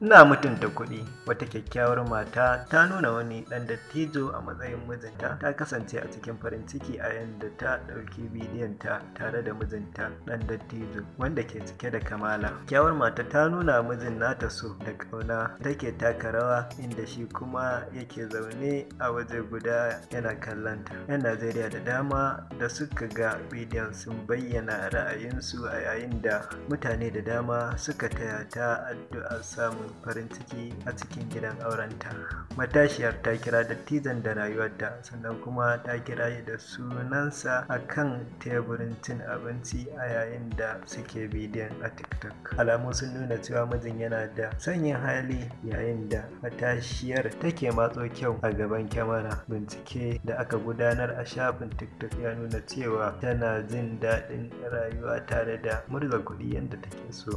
Ina mutunta kuɗi wata kyakkyawar mata ta nuna wani ɗan dattijo a matsayin mijinta ta kasance a cikin farin ciki a yadda ta ɗauki bidiyon ta tare da mijinta ɗan dattijo wanda ke cike da kamala. Kyakkyawar mata ta nuna mijin nata so da ƙauna take taka rawa inda shi kuma yake zaune a waje guda yana kallonta. 'Yan Najeriya da dama da suka ga bidiyon sun bayyana ra'ayinsu a yayin da mutane da dama suka taya ta addu'a samun farin ciki a cikin gidan aurenta matashiyar ta kira dattijan da rayuwarta sannan kuma ta kira da sunansa a kan teburin cin abinci a yayin da suke bidiyon a tiktok alamu sun nuna cewa mijin yana da sanyin hali yayin da matashiyar take matso kyau a gaban kyamara bincike da aka gudanar a shafin tiktok ya nuna cewa tana jin daɗin rayuwa tare da murza kuɗi yadda take so